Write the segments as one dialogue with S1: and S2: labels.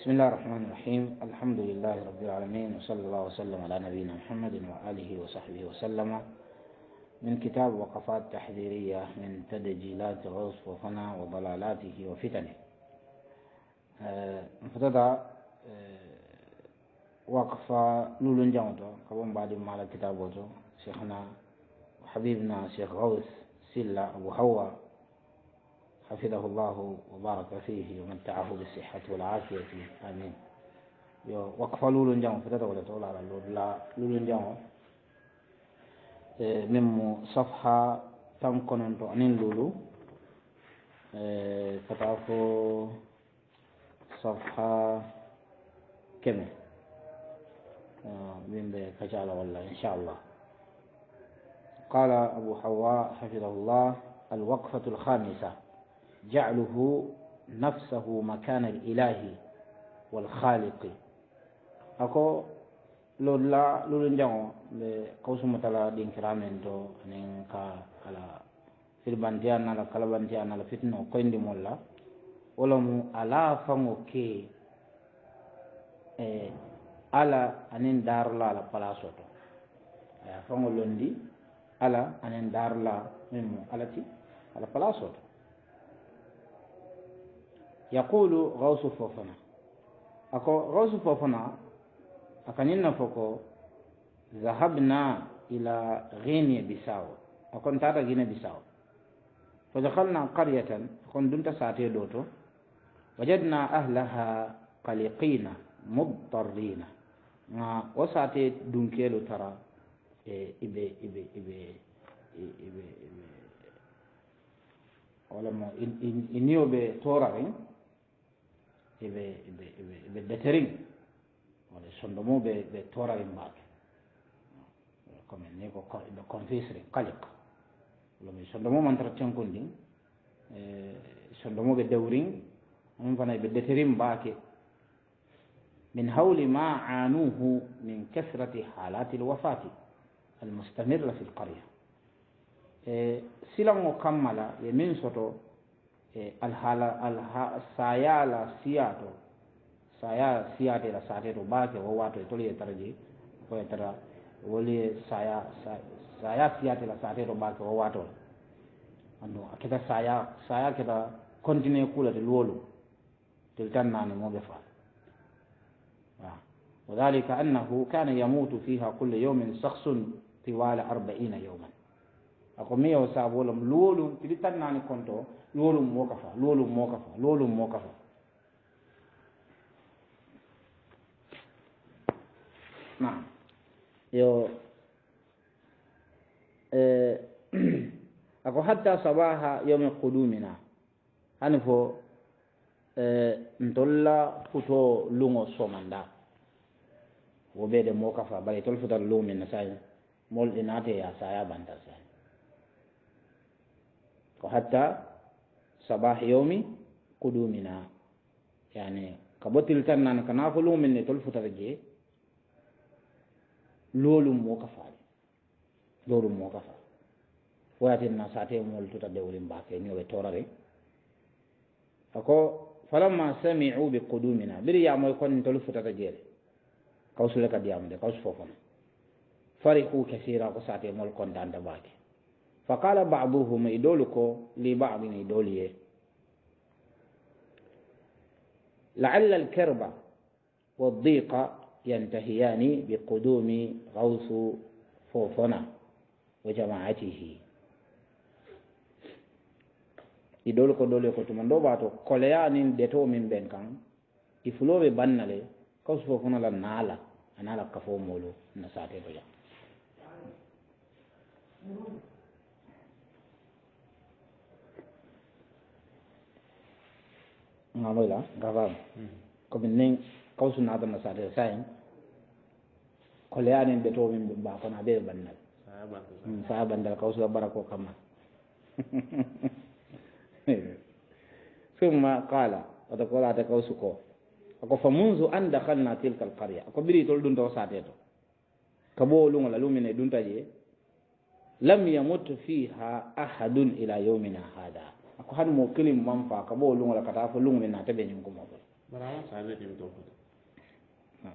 S1: بسم الله الرحمن الرحيم الحمد لله رب العالمين وصلى الله وسلم على نبينا محمد وآله وصحبه وسلم من كتاب وقفات تحذيرية من تدجيلات غوص وفنا وضلالاته وفتنه آه، مفتدى آه، وقفة لولن جامتو قبل بعد ما على كتابه شيخنا وحبيبنا شيخ غوث سلا أبو هوى حفظه الله وبارك فيه ومنتعه بالصحة والعافية فيه آمين وقف لولو نجاو فتاتا ولا تقول على لولو نجاو إيه، مم صفحة تم كننتو عنين لولو إيه، فتاتو صفحة كم آه، من كجالة ولا إن شاء الله قال أبو حواء حفظه الله الوقفة الخامسة jaluhu nafsahu makana alilahi walkhaliqi ako lolla lolu jango ɓe kawsumutala ɗinkiramen to anin ka ala sirbantiya nala kalabantiya nala fitno koyndi molla wolamu ala fango ke e ala anin darla ala palaso to aya fango londi ala anin darla min mo alati ala palaso to yaqulu gawsu fofana ako gawsu fofana akaninna foko zahabna ila guinea bisaw akon tata guinea bisaw fadakalna qaryatan akon dunta sate ɗo e to wajadna ahlaha kaliqina mubtarrina ga wo sate dunkelu tara e iɓe iɓe iɓe iɓe iɓe walamo iniyoɓe torarin ببترين ويصمموه بالتورا الماك كما نيكو بكونفيسري قلق لما يصمموه من ترتين كلين باكي من هول ما عانوه من كثرة حالات الوفاة المستمرة في القرية سلام وكمل يمين سطو e alhaala alha sayala siyato saya siyade la sate to ɓaake wo wato e toli e tara je koye tara woli saya saya siyate la sate to ɓaake wo wato ando a keta saya saya keta continue kuulate luwolu tel tan naane moɓe faa وذلك أنه كان يموت فيها كل يوم شخص طوال أربعين يوما ako min yaw saabolom luwolum tili tan naani konto luwolum moo ka fa luwolum moo ka fa luwolum moo ka fa na yo eh, ako hatta sabaha yomi qudumina hani fo eh, ntolla futo lungo somanda wo ɓeede moo ka fa bari itol futar luŋo na mol inaate e ya saya banta ko hatta sabah yawmi kuɗumina yani ka ɓotil tan nan kana fo lumin ne tol futata je lolum mo ka faali lolum mo ka fa woyatinna sate mol tuta dewli mbake ni owe torare ako falamma samiu bi kudumina ɓiri yamoy kon tol futata jeere kawsule kadiyamde kawsu fofona farihu kasira ko sate mol kondanda mbake فقال بعضهم إدولكو لبعض إدولية لعل الكرب والضيق ينتهيان بقدوم غوث فوفنا وجماعته إدولكو دوليكو تمندو باتو كليان دتو من بينكم إفلوه بنالي كوس فوفنا لنالا أنا لك كفو مولو نساتي بجا ngamoy la gafam ko min nin kawsu na dama sa de sai ko le anen be to min ba ko na be bandal sa bandal kawsu barako kama summa qala wata ko lata kawsu ko ako fa munzu an dakhalna tilka alqarya ako biri tol dun to sa de to kabo lungola lumine dun taje lam yamut fiha ahadun ila yawmina hadha ako hani mo kilim man fa ka bo lungo la kata fo lungo na ta be nyum ko mo
S2: bara sa be tim to ko ha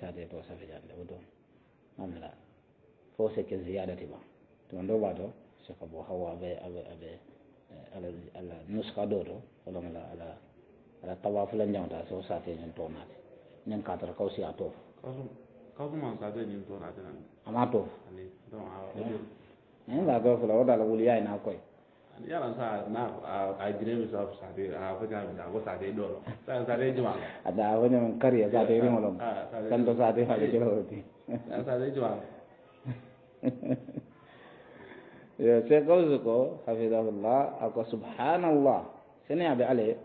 S2: sa
S1: de to sa be jande wodo amla fo se ke ziyada tiba to ndo ba do se ka bo hawa be abe abe eh, ala ala nuska do do ko long la ala ala tawaf la nyawta so sa te nyum to na nyen ka tar ka usi ato
S2: ka ko man sa de nyum to na ta ama to ani don a o eh? eh, ba
S1: ga fo la o da la wuliya ina koy
S2: هذا
S1: أولا من قرية ساعتين ولم سنت ساعتين هذا كله ودي ساعتين جمع يا شيخ قوزكو حفظه الله أقول سبحان الله سنع بعليه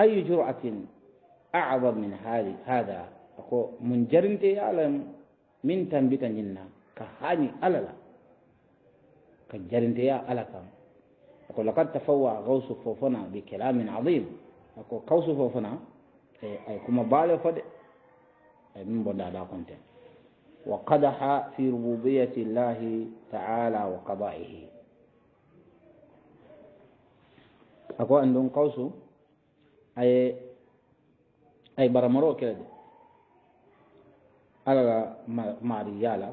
S1: أي جرعة أعظم من هذه هذا أقول منجرنتي يعلم من تنبيت جنة كهاني ألا لا على كم أقول لقد تفوع غوص فوفنا بكلام عظيم أقول غوص فوفنا أي كما بالي فد أي من بدا دا كنت وقدح في ربوبية الله تعالى وقضائه أقول أن دون غوص أي أي برمرو كده ألا ما رجالا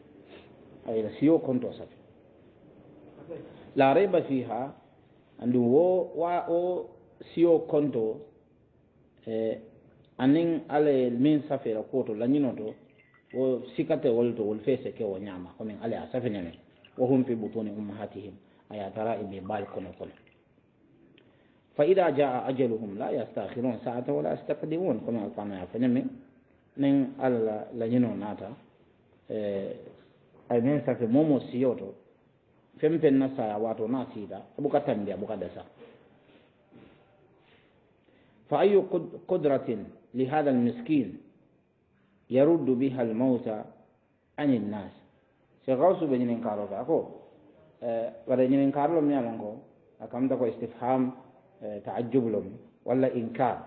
S1: ayno siwo konto safi la reyba fiha andum wo wa o siwo konto e anin ala min safira koto lañinoto wo sikkate wolto wol fe seke wo ñama komin ala a safinemen wo humpi butuni ummahatihim aya tara imi baal kono kono fa ida jaa ajaluhum la yastahirun saata wala yastakdimun komin alkanoya fenemen nin ala lañino naata e eh, amen safe momo siyo to fen fen na saya wato na siida abuka tambi abuka dasa fa ayu qudratin li hada almiskin biha almauta ani nas se gawsu ɓe ñinin karoga ako waɗa ñinin karlom ni alon ko akamta ko istifham taajublom walla inkar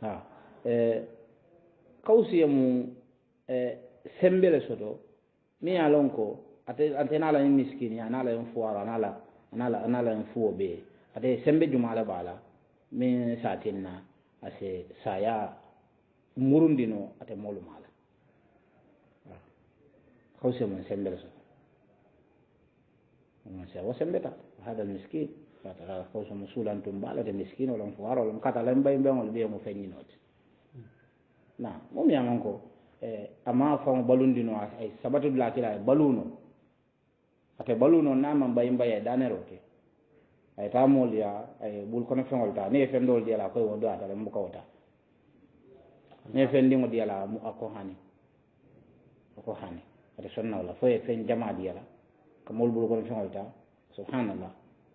S1: ha kawsiye mu sembele soto mi ye lon ko ante ni ala yin miskini ana ala yin fuwaro ana ala yin fuwo be ate sembe jumale ba la min satin na ase saya murundino ate molu ma la hawse mon sembe so mase wo sembe ta hada miskin hawse mo sulantum ba lata miskin olon fuwaro olon kata lan bayin bayin olon bayin mo fenyinote na mo mi yamanko Eh, ama faŋo balundino ay eh, sabati dula kila ay eh, baluno ate baluno naman bayimbayi ay danero ke ay ta mool ya ay bul kono feŋol ta ne ye feŋ dool diyala koy wo do atala mbuka wo ta ni ye feŋ ndiŋo diyala mu ko hani a ko hani ate sonna wala fo ye feŋ jama diyala ka mool bul kono feŋol ta subhanallah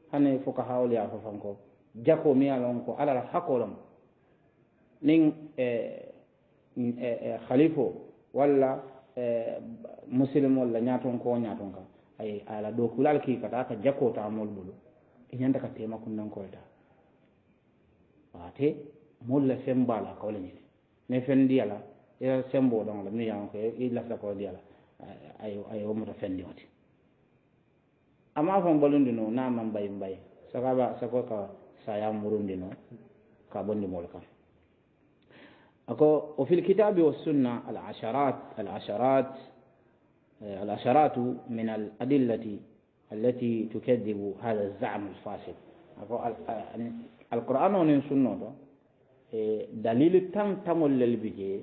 S1: hani fukahawol ya fo fanko jako mi ye ko ala hakolam ning eh, E, e khalife o walla e, musilme olla ñaton ko ñaton ka ay ala dokul alkikata ka jakkota mol bolo iñanta ka tema kunnankoyta wate molla sembala kawla ñini ne fendi ala ila sembo ɗonla mi yanko i lafta ko di ala ay womata fendi oti ama fon ɓolundino na man mbay mbay sakaba sako ka saya murundino ka bondimol kam أكو وفي الكتاب والسنة العشرات العشرات آه، العشرات من الأدلة التي تكذب هذا الزعم الفاسد أكو آه، يعني القرآن والسنة آه، سنة دليل تام تامول للبيجي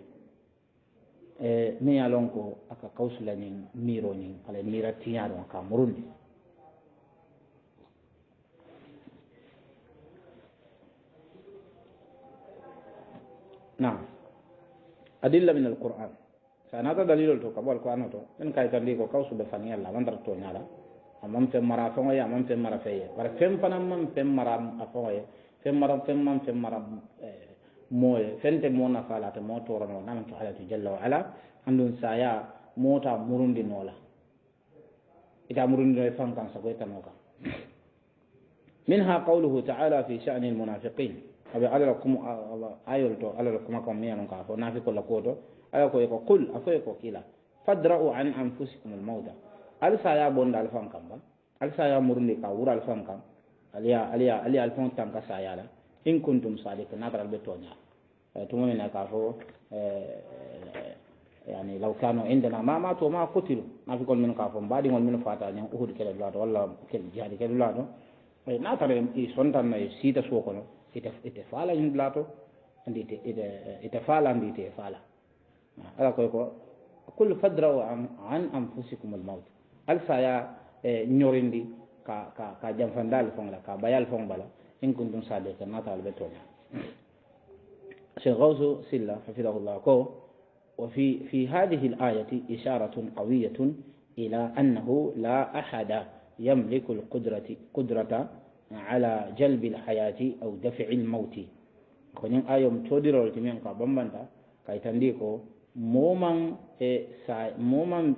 S1: من يالونكو أكا قوسلنين ميرونين على ميراتيان وكامروني نعم أدلة من القرآن فأنا دليل تو كبر القرآن تو إن كاي تندي كو كوسو بفني الله من درتو نالا أمم في مرا فوايا أمم في مرا فيا بارك فين فنا أمم في مرا فوايا فين مرا فين مم فين مرا موي فين تمونا فلا تمو تورنا نام تحلا تجلا وعلا عندن سايا موتا مرندي نولا إذا مرندي فان كان سقيت نوكا منها قوله تعالى في شأن المنافقين aɓe ala la kuma ayol to ala la kuma kam miyalon ka fo nafi kolla koto ala koye ko qul a foye ko kila fadra'u an anfusikum almawta ali sa ya bonda alfan kam ba ali sa ya murunde ka wura alfan kam aliya aliya aliya alfan tan ka sa yala in kuntum sadiqin natara albe toña tumo mina ka fo yani law kanu indana ma matu ma kutilu nafi kol min ka fo mbaɗigol min fata ñan uhud kele dulato walla kele jihadi kele dulato natara i sontannayi siita suo kono ite ite fala yimɓelato andi ite ite ite fala andi ite fala ala koy ko kullu fadrau an an anfusikum al maut alsa ya ñorindi ka ka ka janfandal fonla ka bayal fon bala in kuntum sadiqa natal be toña شيخ غوث سلة حفظه الله كو وفي في هذه الآية إشارة قوية إلى أنه لا أحد يملك القدرة قدرة على جلب الحياة أو دفع الموت كونين أيوم تودي رول تمين قابم بانتا كاي تنديكو مومن إيه، مومن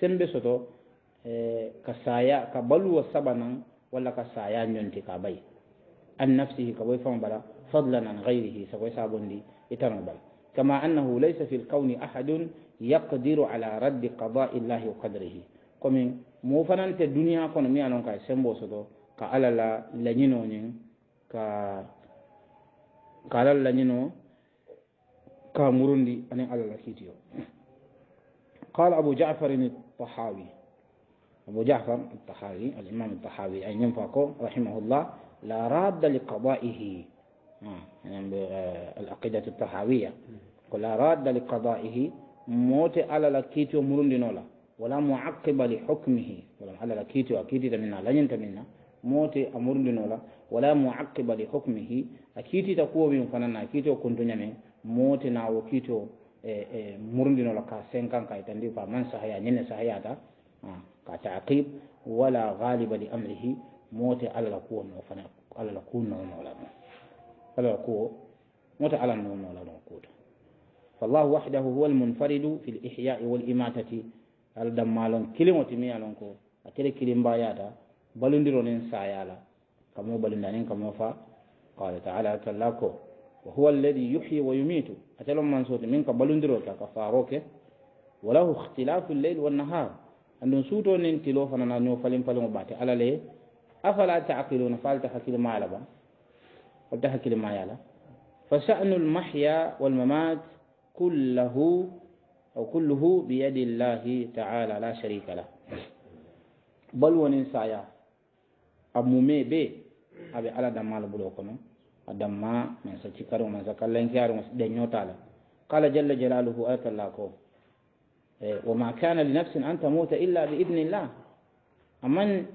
S1: سنبسوتو إيه، كسايا كبلو سبنا ولا كسايا نيونتي كاباي عن نفسه كوي فهم فضلا عن غيره سوي سابون دي بل كما أنه ليس في الكون أحد يقدر على رد قضاء الله وقدره كومين موفنان تدنيا كون ميانون كاي سنبسوتو ka alala la laɲino ɲin ka ka alala laɲino ka murundi ani la kitiyo قال أبو جعفر الطحاوي أبو جعفر الطحاوي الإمام الطحاوي أي ينفقه رحمه الله لا راد لقضائه يعني العقيدة الطحاوية لا راد لقضائه موت على لكيتو مرون دينولا ولا معقب لحكمه ولا على لكيتو أكيد تمنا لا ينتمنا mote amurndinola wala muaqiba li hukmihi akiitita kuwo min fanana akiitio kuntuñame mote na wo kiitio e e ka senkan ka itandi fa man sahaya ñene sahayata ka taqib wala ghaliba li amrihi mote alla kuwo no fana alla la nonola ɗon alla kuwo mote ala nonola ɗon kuuta فالله وحده هو المنفرد في الإحياء والإماتة الدمالون كلمة ميالونكو أتري كلمة باياتا بلندرون سايالا كما بلندرين كما فا قال تعالى كلاكو وهو الذي يحيي ويميت أتلو من صوت منك بلندروك كفاروك وله اختلاف الليل والنهار أن صوت ننتلو فننا نوفلين فلن باتي على لي أفلا تعقلون فالتحكي لما يلبا فالتحكي لما يلا فشأن المحيا والممات كله أو كله بيد الله تعالى لا شريك له بل وننسايا a mume ɓe aɓe ala dammaala ɓulo kono a damma min sa cikkaru min sa kallenkiyaru mi sa ɗeññotaala kala jalla jalaluhu ayatallah ko e wo ma kana li nafsin an tamuta illa bi idnillah aman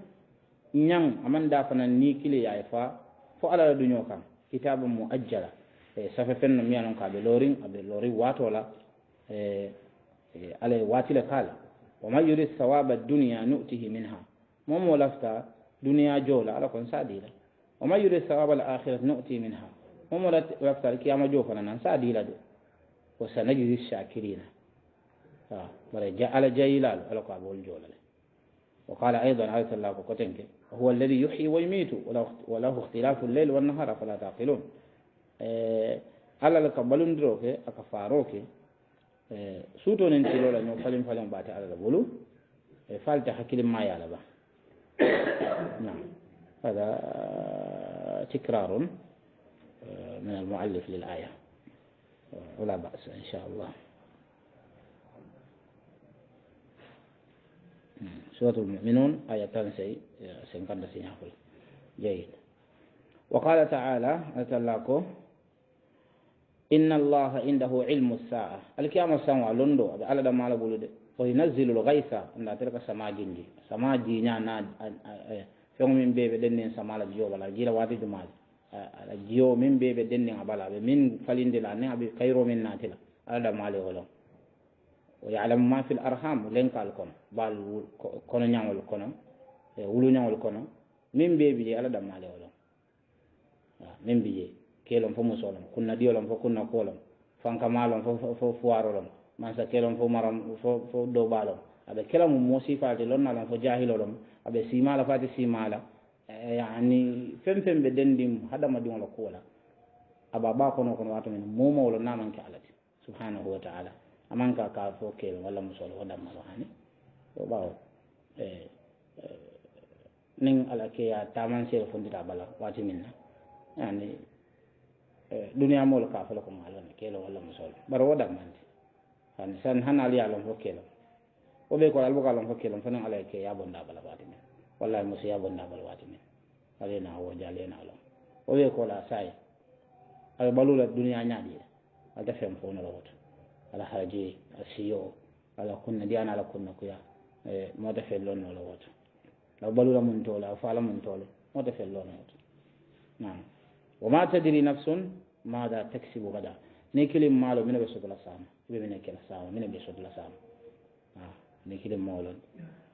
S1: ñang aman dafana ni kile yaye fa fo alala duño kam kitabu mu ajjala e safe fen no mbiya noon ko aɓe lorin aɓe lori watola ee alay e watile kaala wa man yurid sawaba duniya nutihi min ha momo lafta دنيا جولا على كون ساديلا وما يريد ثواب الآخرة نؤتي منها ومولت وقت القيامة جوفنا ننسى ديلا دو وسنجد الشاكرين آه. على جيلال على قابول جولا وقال أيضا عليه الله وقتنك هو الذي يحيي ويميت وله اختلاف الليل والنهار فلا تعقلون إيه على القبل دروك أكفاروك إيه سوتون انتلولا نوفلن فلن باتي على البولو إيه فالتحكي لما يالبا نعم هذا تكرار آه، من المعلف للآية آه، ولا بأس إن شاء الله نعم. سورة المؤمنون آية تانسي سنقرد سنقل جيد وقال تعالى أتلاكو إن الله عنده علم الساعة الكيام السنوى لندو على دمال بولده o unazilu lgaysa anda terka sama gingi sama jiña na fego min ɓeɓe ɗennen samala jiyoɓala jila wati dumaji aɗa jiyo min ɓeɓe ɗennen a ɓala ɓe min falindila ni aɓe kayro min natila alaɗa maali olon o yalamu ma fil arham lenkal kono bal kono ñawol kono e wulu ñawol kono min ɓeɓi je alaɗa maali olon min bi je kelon fo musolon kunna ɗiyolon fo kunna kolon fankamalon fo fowarolon mansa kelon fo maram fo dow ɓaɗon aɓe kela mum moosi fati lonnalon fo jahilo ɗon aɓe simala fati simala e, e, yani fen fen ɓe dendim haɗamaɗiola kuola aɓa ɓa kono kono watamin momawlo namanke alati subhanahu wa taala amanka ka fo kelon walla musolo fo ɗammalo hani o ɓawo e, e nin ala keya tamansere fondita bala wati minna yani duniya mol ka folo ko malone kelo walla musolo bara wo ɗammante hande san han aliya lon hokkelon o ɓe ko albuka lon hokkelon fanan alaye ke yabondabala wati men wallahi mo so yabondabala wati men alena awoja alena lon o ɓe kola say aɓe ɓalula duniya ñaɗie ala dafen fonora woto ala haaji a siyo e ala kunna ndiyana ala kunna kuya e mota fel lonnola woto aɓe ɓalula mum tole a faala mum tole mota fel lono woto nam wo ma tadiri nafsun mada taxibu gada نكلم مالو من بيسود الله سام من نكلا سام من بيسود الله سام آه، نكلم مالو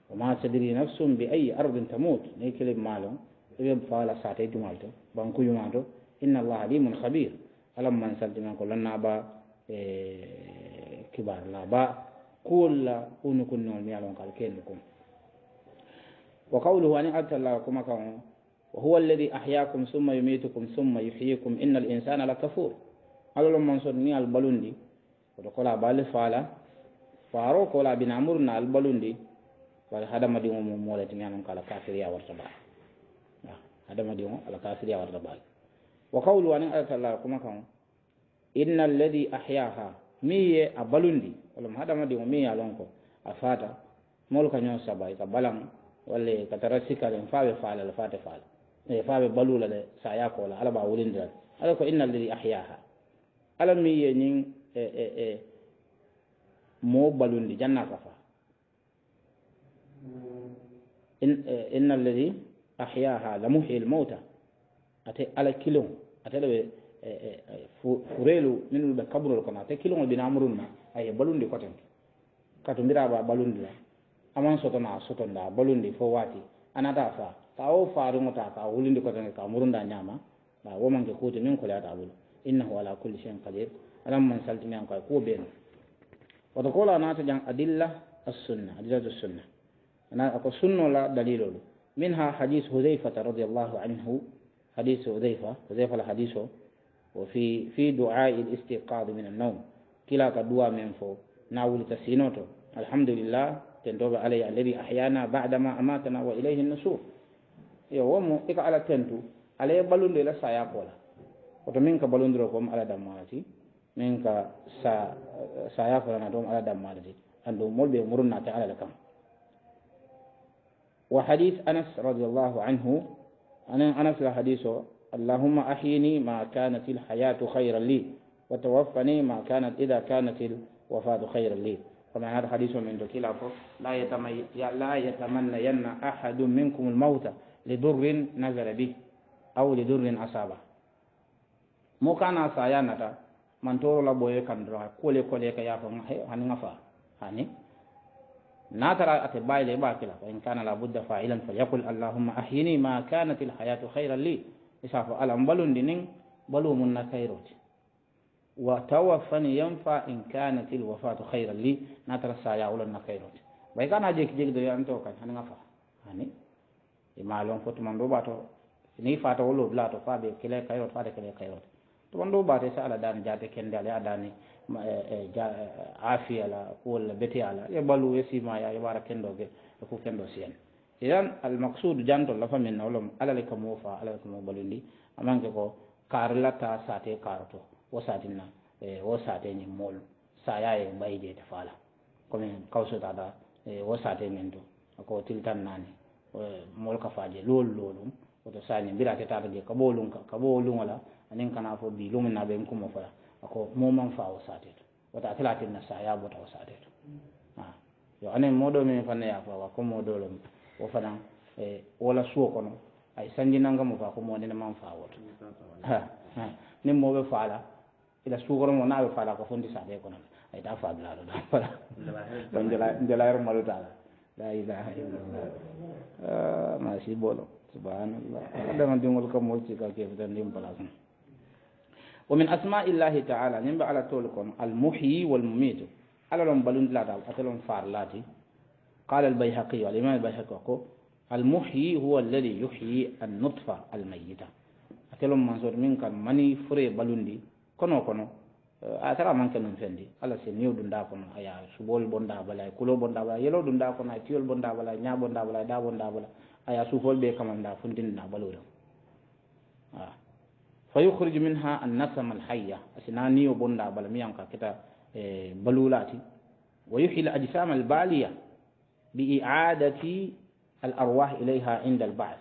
S1: وما تدري نفسهم بأي أرض تموت نكلم مالو إبن فالا ساتي دمالتو بانكو يمالتو إن الله عليم خبير ألم من سلت من كل نابا إيه كبار نابا كل أنكم نول ميالون كالكينكم وقوله أن أتى الله كما وهو الذي أحياكم ثم يميتكم ثم يحييكم إن الإنسان لكفور alolo mansod ni al balundi oto kola bal fala faro kola bin amur na al balundi wala hadama di mo ye a loŋ kala kafir ya warta ba hadama baala hadamadiŋo ala ya warta ba wa qawlu aniŋ alla talla kuma kan innal ladhi ahyaha miye ye a balundi walama hadamadiŋo miŋ ye a loŋ ko a ka ñoŋ saba i ka balaŋ walla ka tara sikkaliŋ faa be faala le faa faala faa be baluu la le saayaa koo la ala be a ala ko inna alladi ahyaha alam mi yiye ñin e e e mo balundi jannaka fa e, inna alladi ahyaha la muhi l mauta ate ala kilon atele ɓe e, e, furelu min ɓe kabrol kono ate kilongol binamurun ma aye balundi kotenke kato mbiraɓa balundi la aman sotona a sotonda balundi fo waati anata fa ta o faarugota ka wulundi kotenke ka murunda ñama ɓa womanke kuuti min koleyata ɓolo إنه على كل شيء قدير من سألت من قال قو بين وتقول أنا تجان أدلة السنة أدلة السنة أنا أقول سنة لا دليل له منها حديث هذيفة رضي الله عنه حديث هذيفة هذيفة الحديث وفي في دعاء الاستيقاظ من النوم كلا كدعاء من فوق ناول تسينوتو الحمد لله تنتوب علي الذي أحيانا بعدما أماتنا وإليه النشور يوم إك على تنتو عليه بلون لا سيقوله woto min ka balondiro ko ala dammalati min ka sa saya fulana tom ala ando molbe molɓe ta ala le kam wa hadith anas radiyallahu anhu ana anas la hadiso o allahumma ahyini ma kanat alhayatu khayran li wa tawaffani ma kanat ida kanat alwafatu khayran li فمعنى هذا حديث من ذكيل لا لا يتمنين أحد منكم الموت لدر نزل به أو لدر أصابه mo kana saya nata man toro la boye kan dro kole kole ka ya fa hani nga fa hani na tara ate bayle ba kila fa in kana la budda fa'ilan falyaqul allahumma ahyini ma kanat al hayatu khayran li isafa alam balun dinin balumun na kairoti wa tawaffani yanfa in kanat al wafatu khayran li na tara saya ulan na kairoti bay kana jek jek do yanto kan hani nga fa hani imalon fotuman do bato ni fata wolo blato fa be kila kairot fa de kila kairot to wonɗo ɓaate so allah daani jaate kende ala yaadaani e, e, e, aafi ala walla beti ala yoɓalu e sima ya yoɓara kendoge e fof kendo si en eɗan almaqsudu jantol la famin nawlo alale ka mofa alale ka mo ɓalundi amanke ko kaare latta saate kaaro to wo satinna wo saate ñin moolu sa yaa e ɓayjeete faala comme kawsotaɗa wo saate men to ko tiltan naani mool ka faaje loolu loolum woto sañi mbirate taata je kaɓoolum kaɓoolugola anin kana fo bi lumin na ben kuma fa ako mo man fa o sate to wata talatin na sa ya bota o sate to ha ah. yo anin modo min fa ne ya fa ko modo lo o fa dan e eh, wala suo kono ay sanji nanga mo fa ko mo ne man fa woto ha ha ni mo be fa la ila suugoro mo na be fa la ko fondi sa de kono ay da fa bla do da fa la don jala jala ro malu ta la ilaha illallah ah, ma si bolo subhanallah adama dingol kam mo ci ka dim palasan ومن أسماء الله تعالى نبى على تولكم المحي والمميت على لون بلون لا دال أتلون لاتي قال البيهقي والإمام البيهقي المحي هو الذي يحيي النطفة الميتة أتلون منظور منك مني فري بلون دي كنو كنو أترى آه، من كان فندي على سنيو دندا كنو أيا سبول بندا بلا كلو بندا بلا يلو دندا كنو تيول بندا بلا نيا بندا بلا دا بندا بلا أيا سوفول بيكمان دا فندين دا بلورم آه فيخرج منها النسم الحية أسناني وبندا بلميان كتا آه، بلولاتي ويحيي الأجسام البالية بإعادة الأرواح إليها عند البعث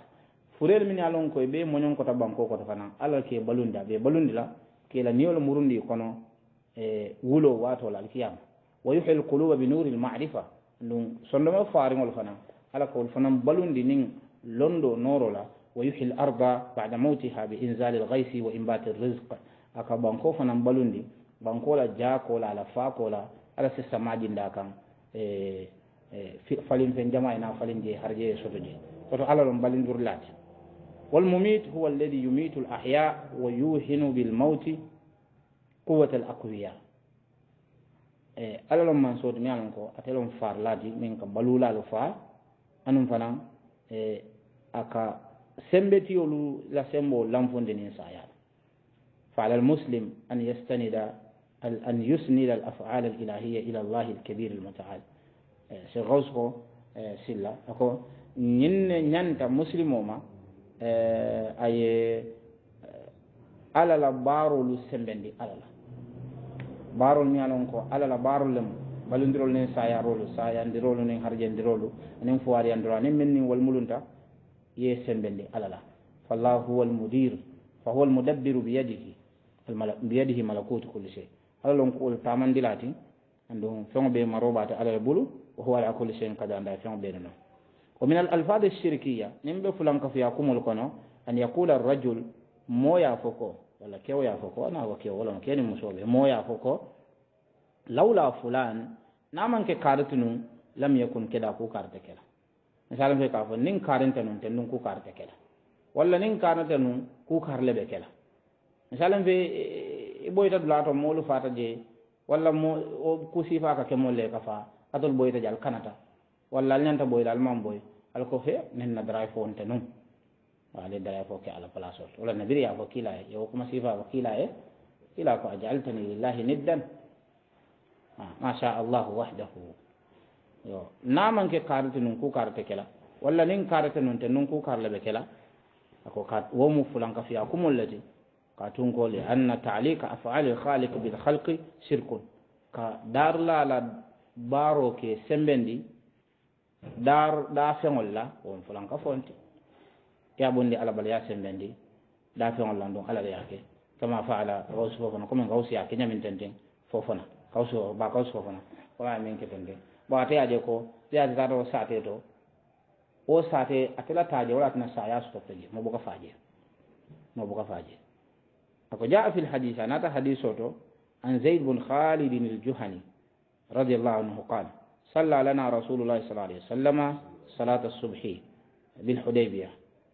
S1: فرير من يالون كوي بي مونيون كتا بانكو كتا فانا ألا كي بلوندا بي بلوندا كي لا نيول مروندي كونو آه، ولو واتو للكيام ويحيي القلوب بنور المعرفة نون سندما فارين الفنا ألا كول فنا بلوندي نين لوندو نورو لا ويحيي الأرض بعد موتها بإنزال الغيث وإنبات الرزق أكا بانكو فنان بلوندي بانكو لا جاكو لا لفاكو لا على سيسا ماجين دا كان إيه، إيه، فالين فين جماعة نا فالين جي هرجي سوتو جي سوتو على لون بالين دور لات والمميت هو الذي يميت الأحياء ويوهن بالموت قوة الأقوياء ala lon man soto mi alon ko ate lon far laati فنان ka إيه، فنان لا سمو لامفون lanfondinin sayala فعلى المسلم أن يستند أن يسند الأفعال الإلهية إلى الله الكبير المتعال آه، سيغوسكو آه، سيلا أكو نين نانتا مسلموما آه، أي على لا بارو لو سمبندي على لا بارو نيالونكو على لا بارو لم balundirol nen sayarolu نين nen harjandirolu نين fuwariyandiro anen نين منين walmulunta يسنبلي على لا فالله هو المدير فهو المدبر بيده بيده ملكوت كل شيء على لون كل تامن دلاتي عندهم فهم بين بمروبات على البلو وهو على كل شيء قد عند فهم بيننا ومن الألفاظ الشركية نمبر فلان كفي يقوم القنو أن يقول الرجل مو يافوكو ولا كيو يا يافوكو أنا هو كيو ولا مكيني مشوبة مو يافوكو لولا فلان نامن أنك كارتنو لم يكن كذا كو كارتكلا misalan fe kafo fɔ nin karinte nun tɛ ku kar ta kela walla nin kana tɛ nun ku karile bɛ kela misalan fe i boyita dulatɔ moolu fata je walla mo ku sifa ka ke moolu le ka fa atol boy ta jal kanata walla al ñanta boyla al man boy al ko fe nin na daray phone nte nun ale daray fo ke ala place ol wala nabiri ya fo kiila ye yo kuma sifa fo kiila ye kiila ko ajaltani lillahi niddan masha allahu wahdahu yo namanke karate num ku karate kela walla nin karate nunte num ku karle ɓe kela ako womu fulanka fiya kumolleti ka tunkole anna talika afali lhalik bilhalqi shirkun ka darlala baaro ke sembendi dar ɗa feŋol la won fulanka fonti yaɓondi alabala ya sembendi ɗa feŋol la ndun alala yake kama faala kawsu fofana commin kawsu yake ñamin tenten fofana kawsu ba kawsu fofana wala min ke tenten bawate aje ko yaa zara wo saate to wo saate atela taaje wala atina saaya sotoje mo boka faaje mo boka faaje ako jaa fi lhadis anata hadiso to an zaid bun khalidin aljuhani رضي الله عنه قال صلى لنا رسول الله صلى الله عليه وسلم صلاة الصبح بالحديبية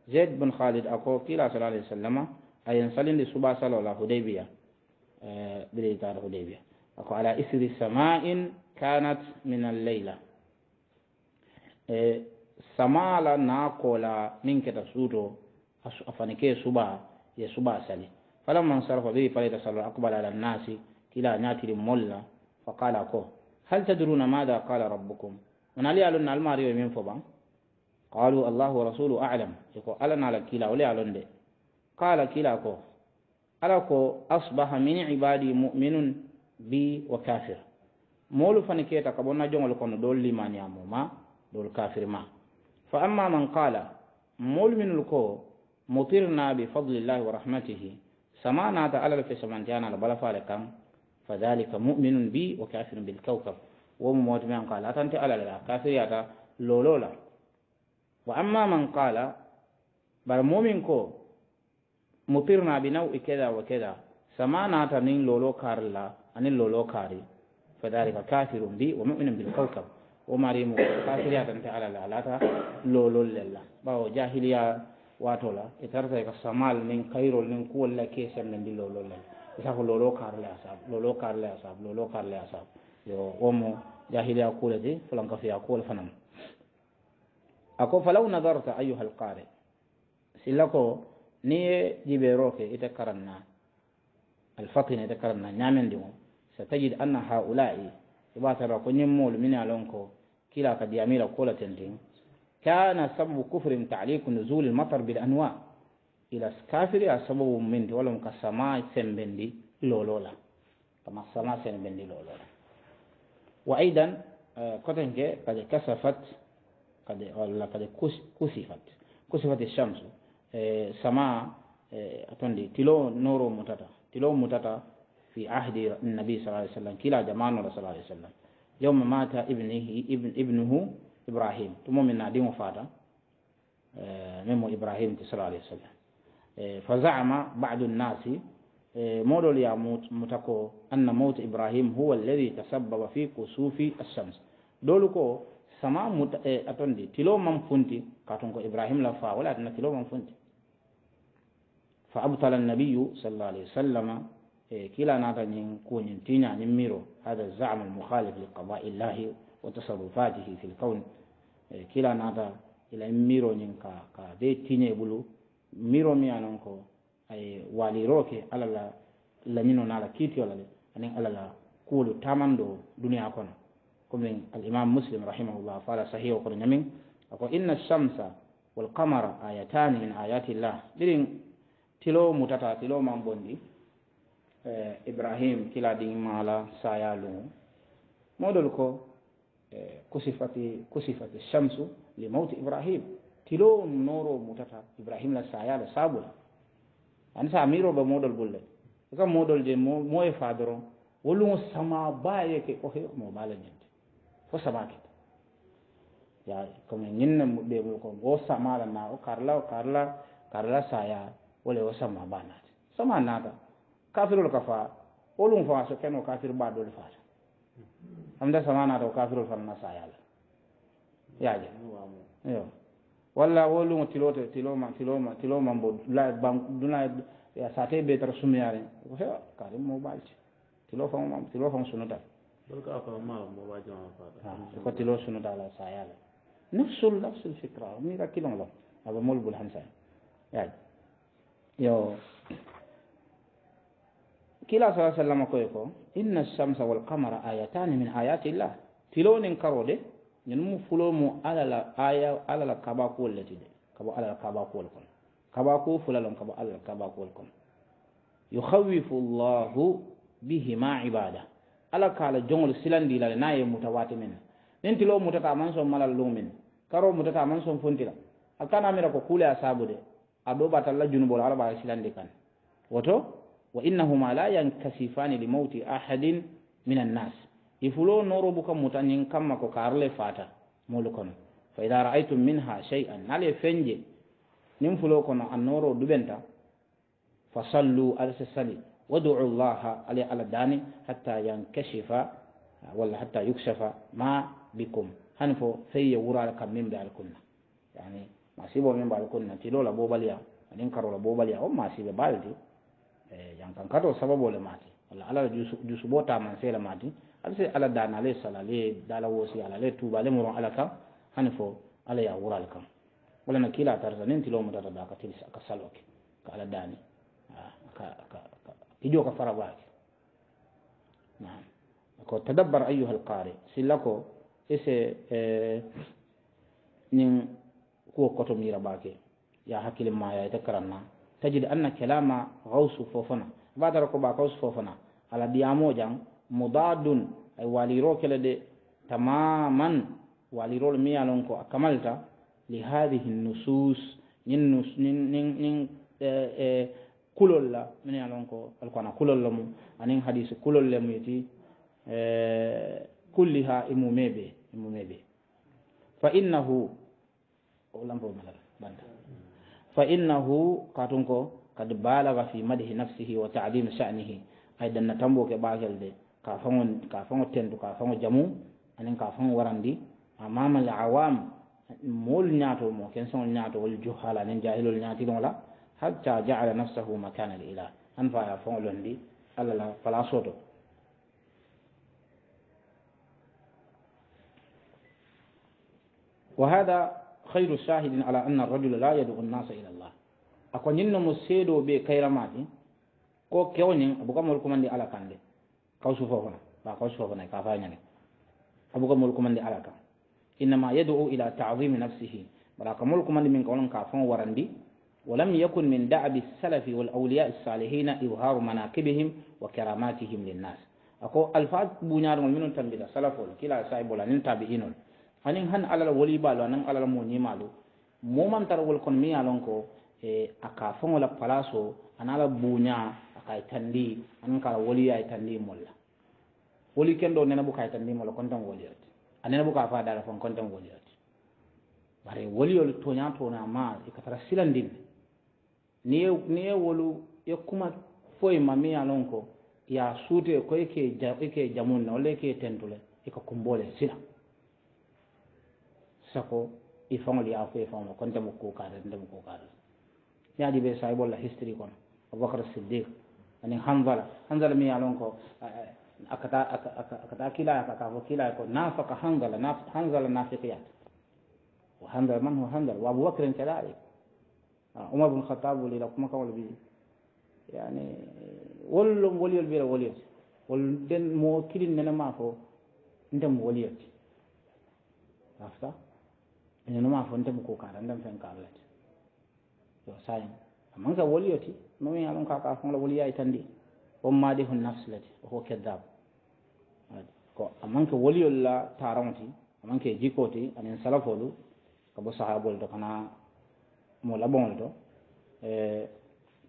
S1: زيد بن خالد أكو كلا صلى الله عليه وسلم أي ينصلين لصبا صلى الله عليه وسلم حديبية أه بريتار حديبية أكو على إثر السماء كانت من الليلة إيه، سمالا ناقولا منك تسوتو أفنكي سبا يسبا سلي فلما انصرف به فليت صلى أقبل على الناس كلا ناتر مولا فقال أكو هل تدرون ماذا قال ربكم ونالي ألونا الماري ومين فبا قالوا الله ورسوله أعلم يقول ألنا على كلا ولي ألون دي قال كلا أكو ألكو أصبح من عبادي مؤمن بي وكافر مولو فنكيتا كابونا جونغل كونو دول ليمان موما دول كافر ما فأما من قال مول من الكو مطيرنا بفضل الله ورحمته سمعنا تعالى في سمانتيانا لبلا فالكام فذلك مؤمن بي وكافر بالكوكب وموت من قال أتنتي على لا كافر ياتا لولولا وأما من قال بل مؤمن كو مطيرنا بنوع كذا وكذا سمعنا تنين لولو كارلا أن لولو كاري فذلك كافر بي ومؤمن بالكوكب ومريم كافر يا تنتي على لا لا لو لو لا باو جاهليا واتولا اترتا كسمال من كايرو من كول لا كيسن من لو لو لا إذا لو لو كار لا أصاب لو لو كار لا أصاب لو لو كار لا أصاب yo womo jahiliya kule de fulan ka fiya kule fanam ako falaw nadarta ayuha alqari silako ni ye jibero إتكرنا ite karanna alfatina ite ستجد أن هؤلاء يباتر قنين مول من ألونكو كلا قد يعمل قولة تنتين كان سبب كفر تعليق نزول المطر بالأنواع إلى سكافر سبب من ولم كسماء سنبندي لولولا كما السماء سنبندي لولولا وأيضا آه، كتنك قد كسفت قد قد كسفت كسفت الشمس آه، سماء آه، أتندي تلو نور متتا تلو متتا في عهد النبي صلى الله عليه وسلم كلا زمان صلى الله عليه وسلم يوم مات ابنه ابن ابنه إبراهيم ثم من نادي مفادا آه، ميمو إبراهيم صلى الله عليه وسلم آه، فزعم بعض الناس آه، مودول يا متكو أن موت إبراهيم هو الذي تسبب في كسوف الشمس دولكو سما مت أتندي تلو فونتي كاتونكو إبراهيم لفا ولا أتنا تلو ممفنتي فأبطل النبي صلى الله عليه وسلم E, kila nata ñin kuñin tiña ñin miro hada zam almukhalif liqadai llahi wa tasarufatihi fi lkawn e, kila nata ila miro ñin ka ka be tiñe bulu miro mi anon ko ay e, waliro ke ala la lañino nala kiitiyola le anin ala la kuwolu tamanɗo duniya kono comme alimam muslim rahimahullah fala sahih o kono ako inna shamsa walqamara ayatani min ayati llah ɗirin tilo mutata tilo man Eh, ibrahim kila di mala saya lungu modol ko eh, kusifati kusifati shamsu li mauti ibrahim tilo noro mutata ibrahim la saya la sabula an sa miro ba modol bulle ka modol je mo e fadron wolu sama baye ke o he mo bala nyante fo sama ke ya comme nyinna mo be ko go sama la na o karla o karla karla saya wole o sama banat sama nada kafirol ka fa olum fa so keno kafir baɗol fata amda samanata o kafirol fanna sayala ya, yaaje yo walla wolum tiloto tiloma tiloma tiloma mbo la ban duna ya sate be tara ko hewa karim mo balti tilo fam tilo fam sunuta dolka fa ma mo wajo ma fa ko tilo sunuta la sayala nafsul nafsul fikra mi ra kilon la aba molbul hansa yaaje yo كلا صلى الله عليه وسلم إن الشمس والقمر آياتان من آيات الله تلون كرو دي ينمو فلومو على الآية على الكباكو التي دي كبو على الكباكو لكم كباكو فلالون كبو على الكباكو لكم يخوف الله بهما عبادة على كالا جنغل سلان دي لالنا يمتوات من نين تلو متتا منصم مالا لومن كرو متتا منصم فنتلا أكان أميركو كولي أصابو دي أدوبات الله جنبول على سلان دي كان وتو وإنهما لا ينكسفان لموت أحد من الناس يفلو بكم متنين كما كارل فاتا مولكنا فإذا رأيتم منها شيئا نالي فنجي نمفلو كنا النور دبنتا فصلوا على السلي ودعوا الله علي على داني حتى ينكشف ولا حتى يكشف ما بكم هنفو في يورا لكم من بالكنا يعني ما سيبوا من بالكنا تلو لبوباليا ننكروا لبوباليا أو ما سيبوا بالدي e yankan kato sababo le mati walla ala jusubo taman sele mati ala se ala danale salale dala wosi ala le tuba le muron ala kan hani ala ya wural kan wala na kila tarta nin tilo mu tata ka tilisa ka saloke ka ala dani ah, ka ka ijo ka fara baki naam ko tadabbar ayyuha alqari sillako ese eh, nin kuwo koto mira bake ya hakkille ma ya karanna tajide anna kelama gawsu fofona badara ko ɓa gawsu fofona ala ɗiyamojan mudadun ay waliro kele ɗe tamaman waliroɗo miyalon ko a kamalta li hadihi nusus ñin nus nin nin e, e, kulol la minyalon ko alkoana kulol lo mum anin hadise kulol le muyeti e, kulli ha imumeɓe imumeɓe fa innahu o lampo
S2: malal banta mm
S1: -hmm. فإنه كاتونكو قد بالغ في مدح نفسه وتعظيم شأنه أيضا نتمبو كباجل دي كافون كافون تندو كافون جمو أنين كافون ورندي أمام العوام مول نياتو مو كنسون نياتو والجهال أنين جاهل ناتي لا حتى جعل نفسه مكان الإله أنفع يفون لندي ألا لا فلا صوتو وهذا خير شاهد على أن الرجل لا يدعو الناس إلى الله أكون ينن مسيدو بي كيرماتي كو كيوني abuka mol kumandi ala kan de kaw su fofana ba kaw su fofana ka fa ñane abuka mol kumandi ala kan innama yad'u ila ta'zimi nafsihi bala ka ولم يكن من دعب السلف والأولياء الصالحين إظهار مناكبهم وكراماتهم للناس أكو ألفاظ بنيار من تنبيه السلف كلا سايبولا نتابعينون anin han alal woli balo anan alal mo ni malo mo man tar wol kon mi alon ko e aka fongo la palaso anala bunya aka tandi anan kala woli ay tandi molla woli kendo nena bu kay tandi molla kon tan woli ati anena bu ka fa dara fon kon tan woli ati bare woli yol to nya to na ma e ka tara silandin ni ni wolu e kuma foy mami alon ko ya sute ko yake ja yake jamun na wala yake tentule e ka kumbole sila sako ifong li a ifong ye faŋo ko kukar kuu kaata ntemu kuu kaata ye adi be sahibolla history kono abubakar siddik ani hanzala hanzala mi ye ko akata akata kilaya akata ka fo ko nafaka hanzala hanzala nafikiyat wa hanzala man huwa hanzala wa abubakarin kadhalik umar bnu khatab wolu ila kuma kaŋolu bi yani wolu lom woliyolu bi la woliyol ti wolu den moo kilin nene maa fo ntemu woliyol afta ene numa fo ntemu ko kaara ndem fen kaalate yo sayin amman ka woliyoti numi amon ka kaa fonla woli yaay tandi on maadi hon nafsilete oko keddaabo ko amman ka woliyol la taaraŋoti amman ka e jikkooti anin salafoolu ka bo sahaabol to kana mo laboŋol to e,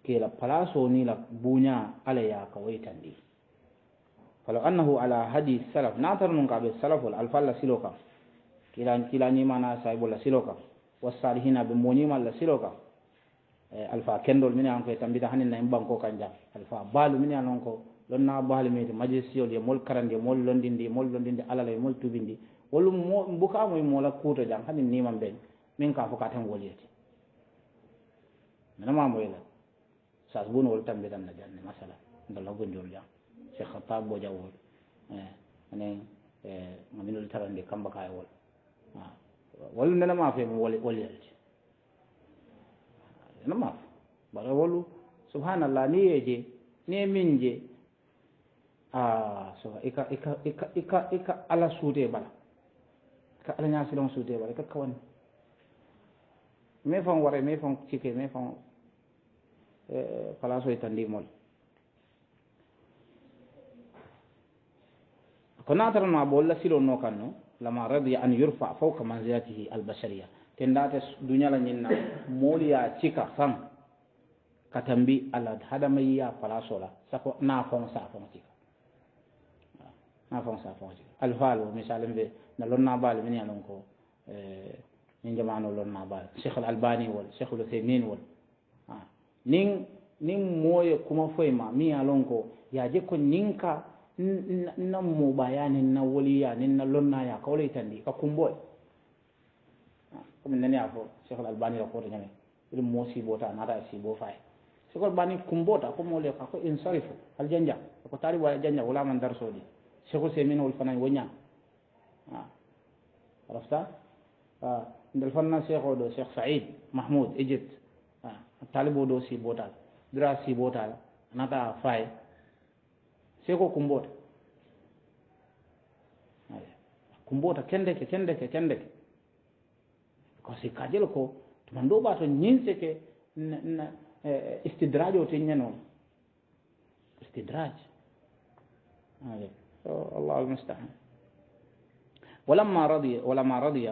S1: kiila palaso ni la buuña ala ya ka woyi tandi falo annahu ala hadi salaf naatar nun kaa ɓe salafol alfalla siloo kam kilan kilanimana sahibulla silo ka wa salihina ɓe moñimalla silo ka e, alpha kendol mine anko e tambita hanin na en ɓanko kanja alpha baalu mine anon ko lonna baalu mite majisiol ye mol karandi mol londindi mol londindi alal e mol tubindi wolu mbukamuye mola kuuto jang hanin niman ɓen min ka fo kateng wolyete menamamoyla sas bun wol tambitan na jande masala ndalago njol jang cheikh hatab bo jawol e, anen ngaminol e, tarandi kamba kaye wol wallude ne maafo yemo wolyelde ene maafo mbaɗa wallu subhanallah ni e je ni e min je so ika ika ika ika ika ala suude bala ka ala ñasilon suude bala ka kawanni mais fan ware mais fan cike mais fan e, palace oy tandimol ko natatanma ɓo lasilonno kan no لما رضي أن يرفع فوق منزلته البشرية تندات دنيا لنينا موليا تيكا فان كتنبي على هذا ما يا فلا سولا سكو نافون سافون تيكا نافون سافون تيكا الفال مثلا به نلون نابال من يلونكو إيه، من جماعة نلون نابال شيخ الألباني وال شيخ الثمين وال آه. نين نين موي كما فيما مي يلونكو يا جيكو نينكا na mubaya ne na waliya ni na lonna ya kawle tandi ka kumboy kuma nani afo fo cheikh albani la kota ñame ɗum mo sibota nata si bo fay cheikh albani kumbota comme ole ko insarifu al janja ko tari wa janja wala man wolaman darsoɗi cheikh semin wol fanan wo ñam arafta ndel fanna cheikh o ɗo cheikh saïd mahmoud égypte talibo ɗo sibotal dura sibotal nata fay sai ko kumbota kumbota kendeke kendeke kendeke ko kajel ko tuma ba to ñinseke istidraj o ten ñanoma istidraje الله المستعان ولما رضي ولما رضي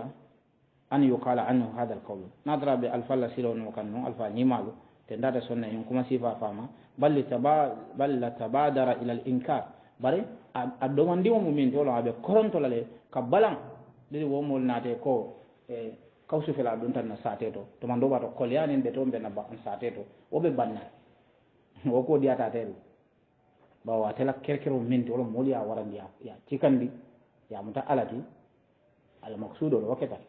S1: أن يقال عنه هذا القول نادرا بالفلا سيلون وكانوا الفا نيمالو تندار سنة يوم كما سيفا فاما bal la tabadara ila al inkar bare a dogondiwo mumin tolo aɓe korontolale ka balan ɗiɗi womol naate ko e kawsufela ɗum tan no sate to toma doɓa to kolyanin ɓe toon ɓe no sate to woɓe banna wo ko ɗiyatateɗum ɓawa a tela kerkero min tolo mol ya warandi ya cikandi yamuta alati almaksudo ɗo wakketal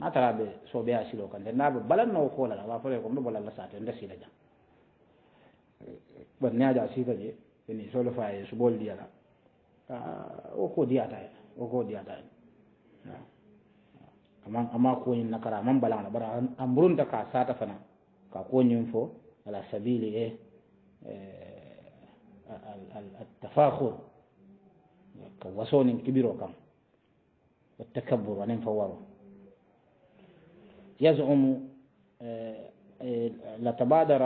S1: na tara ɓe soɓe a silo balan nde naɓe balannowo kolala awa fole kom ɗo la sate nde sila jam banne da sifa je ni solo fa e so bol diala o ko diata o ko diata amma amma ko yin nakara man balana bara amrun ta ka sata fana ka ko yin fo ala sabili e التفاخر كوسون كبير وكم والتكبر ونين فوروا يزعم لتبادر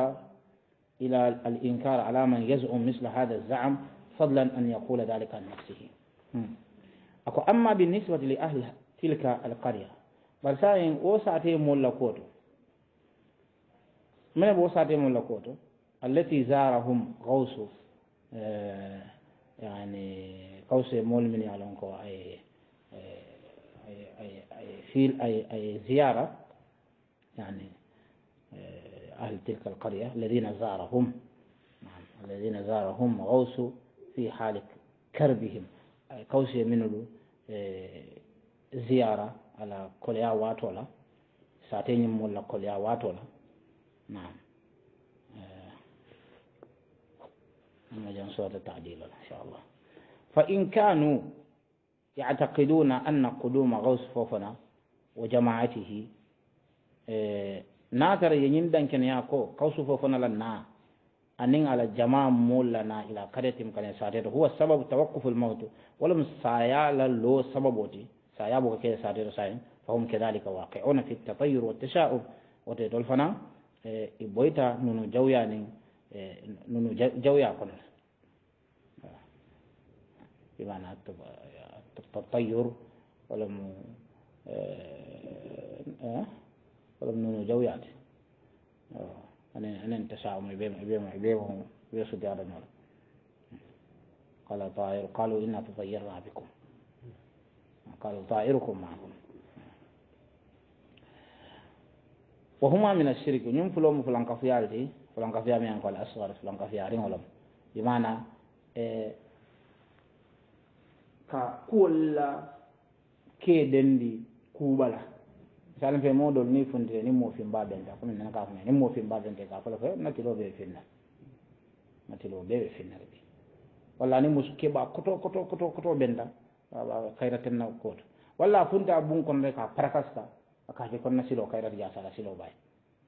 S1: إلى الإنكار على من يزعم مثل هذا الزعم فضلا أن يقول ذلك عن نفسه أكو أما بالنسبة لأهل تلك القرية برسائن وسعتي مولا كوتو من وسعتي مولا كوتو التي زارهم غوص آه يعني قوس مول من يعلنكو أي أي أي أي أي أي زيارة يعني آه أهل تلك القرية الذين زارهم نعم، الذين زارهم غوصوا في حال كربهم كوسي من آه، زيارة على كوليا واتولا ساتين مولا كوليا واتولا نعم آه، أما سورة التعديل إن شاء الله فإن كانوا يعتقدون أن قدوم غوص فوفنا وجماعته آه، na tara yeñin ya ko kausu fo fona lan na anin ala jama'a mulla na ila kadatim sa sateto huwa sababu tawakkufu lmawtu walam saya la lo sababoti saya boka kede sateto fa hum kedalika waqiuna fi ltatayur tashaub wa tol dolfana e boyta nunu jawya nin nunu jawya kono bimana التطير ولم أه ولم ننو جويات أنا أنا انتسع ما يبيم يبيم يبيم هم بيسو ديار النور قال طائر قالوا إنا تطيرنا بكم قالوا طائركم معكم وهما من الشرك نيم فلوم فلان كفيال دي فلان كفيال مي أنقال أصغر فلان كفيال رين ولم بمعنى ka kuwolla kee dendi salen fe moɗol ni fundire ni moofi mbaɓenta komin nana ka fona ni moofi mbaɓente ka fola koye natilo ɓe finna natilo ɓe ɓe finnare ɓi walla ni musu keɓa koto koto koto koto ɓenta kayra tenna koto walla funta bun kono re ka parakasta akaje konna silo kayrat ja sala silo bay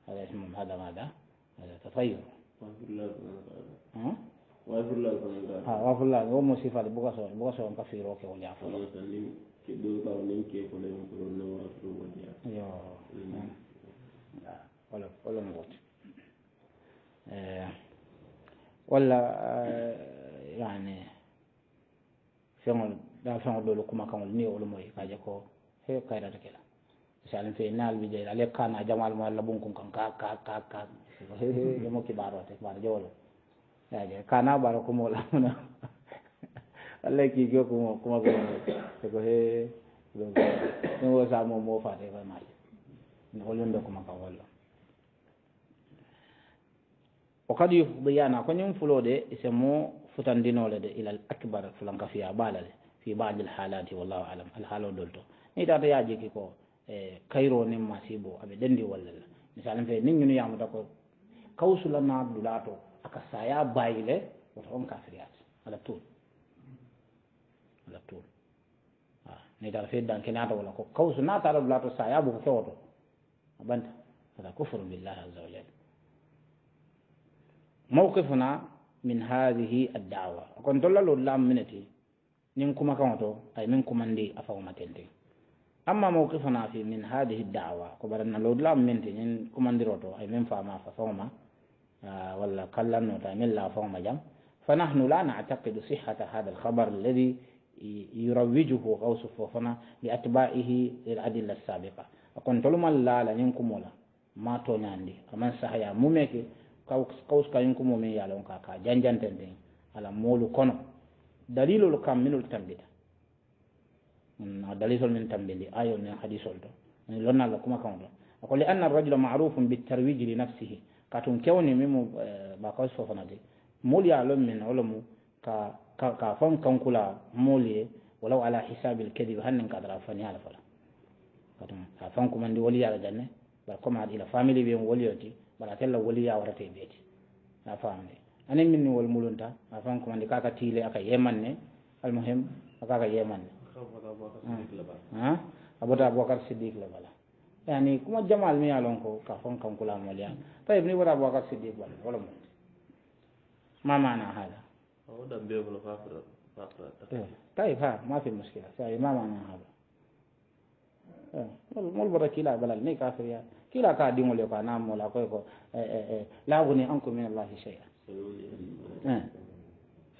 S1: hada ismum hada mada hada tatayyur hmm?
S2: wafirla wafirla
S1: ah, wo mo sifade buga so buga so on ka fiiro ke woni afolo
S2: Eh, ke ɗoɓaw nen ke ko len ko ɗon nawara ɗum woni ya yo wala wala ngooti
S1: walla yani feŋol ɗa feŋol ɗolu kuma kaŋol ni olumoy kaje ko he kayrata kela misalin fe naal bi jeyɗa ale kana jamal mo allah ɓunkun kan ka ka ka ka jomo kiɓarote kiɓaro jowolo yaje kana ɓaro kumolamuna allay kiigio kuma gomo te ko he ɗum ɗum wo saa mum mofaade e wamaaje no holyonde kuma kam wallo o kadi yana koñum fulode semo futandinole de ilal acbar fulanka fiya ɓaala de fi badi l halati wallahu alam alhaala o dol to ni tata ya jeki ko e kayro nin masibo aɓe ɗendi wallalla misalim fe nin ñunu yamuta ko kawsulana dulaa to aka saya bayile woto on kafriyat ala tuut موقفنا من هذه الدعوة أكون دولا لولا منتي نينكما كونتو أي منكم أندي أفاوما تلتي أما موقفنا في من هذه الدعوة كبرنا لولا منتي نينكما أندي روتو أي من فاما فاوما ولا كلا نوتا من لا فاوما جم فنحن لا نعتقد صحة هذا الخبر الذي yurawijuhu gawsu fo fana li atbaihi il adilla sabiqa akon tolumal laala ñinkumola ma toñandi aman sahaya mumeke kawsuka ñinkumo min yalon ka ka janjanten ɗen ala moolu kono dalilol kam minol tambita a dalisol min tambidi ayol nen hadisol to lonnalla kuma kan to ako li anna arrajula marufum bitarwiji li nafsihi ka tum kewni mimo ɓa eh, kawsu fo fana de mool yalon min olomu ka ka fam kankula moli wala ala hisabil kadhib hannin kadra fani ala fala katum ha fan kuma ndi wali ala janne bar koma ila family be woliyoti bara tella wali ya warate beti na famde anen min wol mulunta ha fan kuma ndi kaka tile aka yemanne al muhim aka ka yemanne ha abota abubakar siddiq la bala yani kuma jamal mi yalon ko ka fon kankula moliya tayib ni wara abubakar siddiq bala wala mo ma mana hala طيب ها ما في مشكلة ساي ما معنى هذا مول برا كلا بلا ني كافر يا كلا كادي مول يكو نام ولا كو لا غني انكم من الله شيئا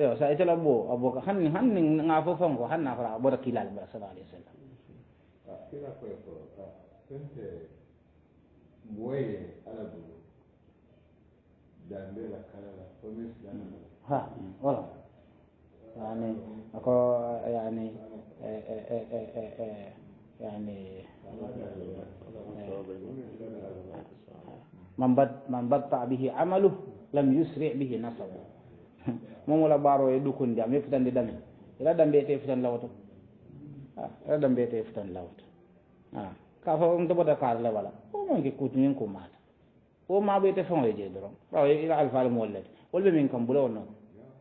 S1: eh sai tala فاهم والله يعني أكو يعني يعني من بد من بطع به عمله لم يسرع به نصبه moom wala baaroo ye dukun jam ye futandi dami ila dambeete futan lawoto ila dambeete futan lawoto ka fo um tobota kaala le wala o man ke kutuñin ku maata wo maaɓoyete feŋo ye je doron raw ila alfaale moolu lete wolu ɓe min kam bula wo noon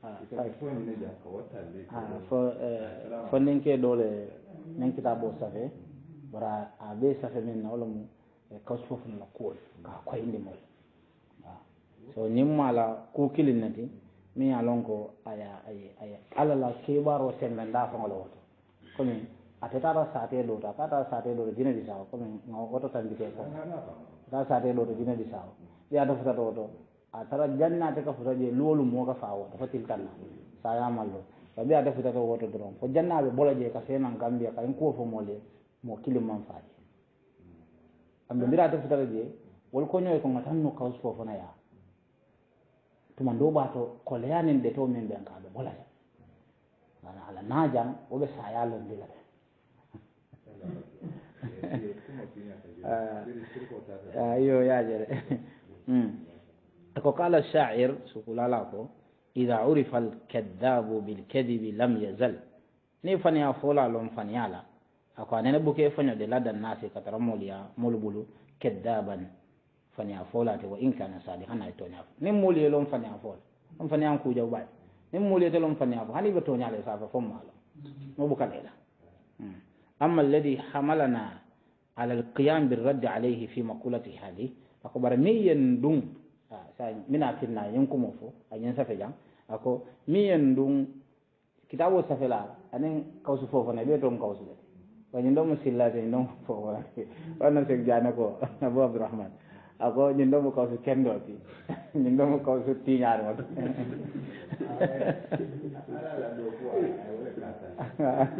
S2: Eh, fo
S1: ninke ɗole ninkita ɓo safe wara a ɓe safe min nawlamu e kawsu fofunla kuol ka koyndimol so nimmala kukili nati min yalon ko aya aya alala keɓaro sembe ndafongola woto comme atetata sate ɗoto akata sate ɗoto dinadi sawo comme woto tambite ko ata sate ɗoto dinadi sawo ɓe adafutata woto a tara jannaate ka futa jee loolu moo ka faawo dafa tiltanna so a yaamalloo so ɓe ade futata woto doron ko jannaaɓe bola jee ka seenan kam mbiya ka en kuwo fo moo le mo kilimman faaje kamɓe mbiraade futata jee wol koñoye konga tan no kaw suko fona yaa tuma ndow ɓaato ko leyanin ɗe to min ɓen ka ɓe bolata ana ala naajan wo ɓe saya lonndilata yo yaajere وقال الشاعر سقولالاكو إذا عرف الكذاب بالكذب لم يزل ni faniya fola lon faniya la ako anene buke fanyo de ladan nasi katara moliya molbulu keddaban faniya fola te wa in kana salihan ay tonya ni moliye lon faniya fola lon faniya ku jaw bay ni moliye te lon faniya fo hani be tonya le safa fo mala mo buka lela amma alladhi hamalana ala alqiyam birradd alayhi fi maqulati hadi ako bar miyen dum sa mina tinna yin kuma fo a yin safe jam ako mi yen dun kitabo safe la anen kausu fo fana be don kausu de wani don musilla de don fo wala wannan sai jana ko abu abdurrahman ako ñin ɗo mo kaw so kenndoti ñin ɗo mo kaw so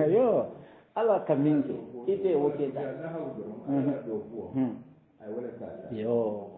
S1: yo ala ka minke ite wokeɗa
S2: yo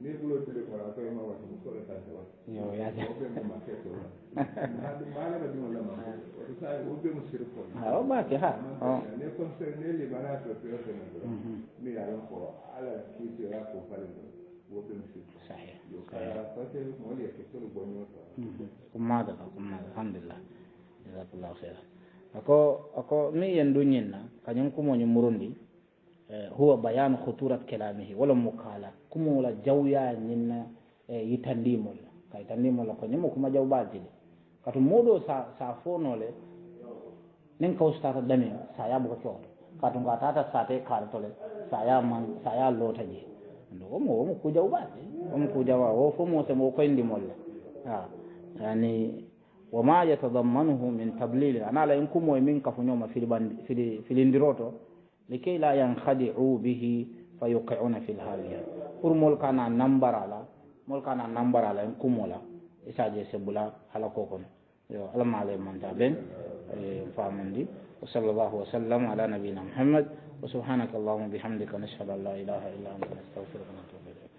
S2: ni bolo tele kɔrɔ a ko e ma waati muso yɛrɛ ta tɛ wa o bɛ mun ma kɛ to la baara bɛ dun la ma o bɛ taa o bɛ siri fɔ awɔ maa kɛ ha oh. ne kɔnse ne le b'a n'a fɛ fɛn fɛn na dɔrɔn ne y'a fɔ ala k'i to y'a ko falen dɔrɔn o bɛ mun siri o ka parce que mɔgɔ de kɛ bɔ ɲɔgɔn
S1: fɛ kuma da ka kuma alhamdulillah jazakallahu khaira ako ako mi yendo nyenna kanyen kumo nyumurundi Eh, huwa bayanu khuturat kalamihi wala mukala kumola jawya nyina yitandimol eh, ka yitandimol ko kuma jaw batili katu modo sa sa fonole nin ka ustata dame sa ya buka katunga ka tata sa te kar sa ya man sa ya lota ji ndo mo mo ku jaw batili mo ku jawa wo fo mo se mo ko indimol ha yani wama yatadammanuhu min tablil ana la yankumo min kafunyo ma fili bandi fili لكي لا ينخدعوا به فيوقعون في الهاوية pour mol kana nambara la mol kana nambara la en kumola isaje sebula ala ko kono yo ala male manta ben e famandi wa sallallahu wa sallam ala nabina muhammad wa subhanaka allahumma bihamdika nashhadu an la ilaha illa anta nastaghfiruka wa natubu ilayk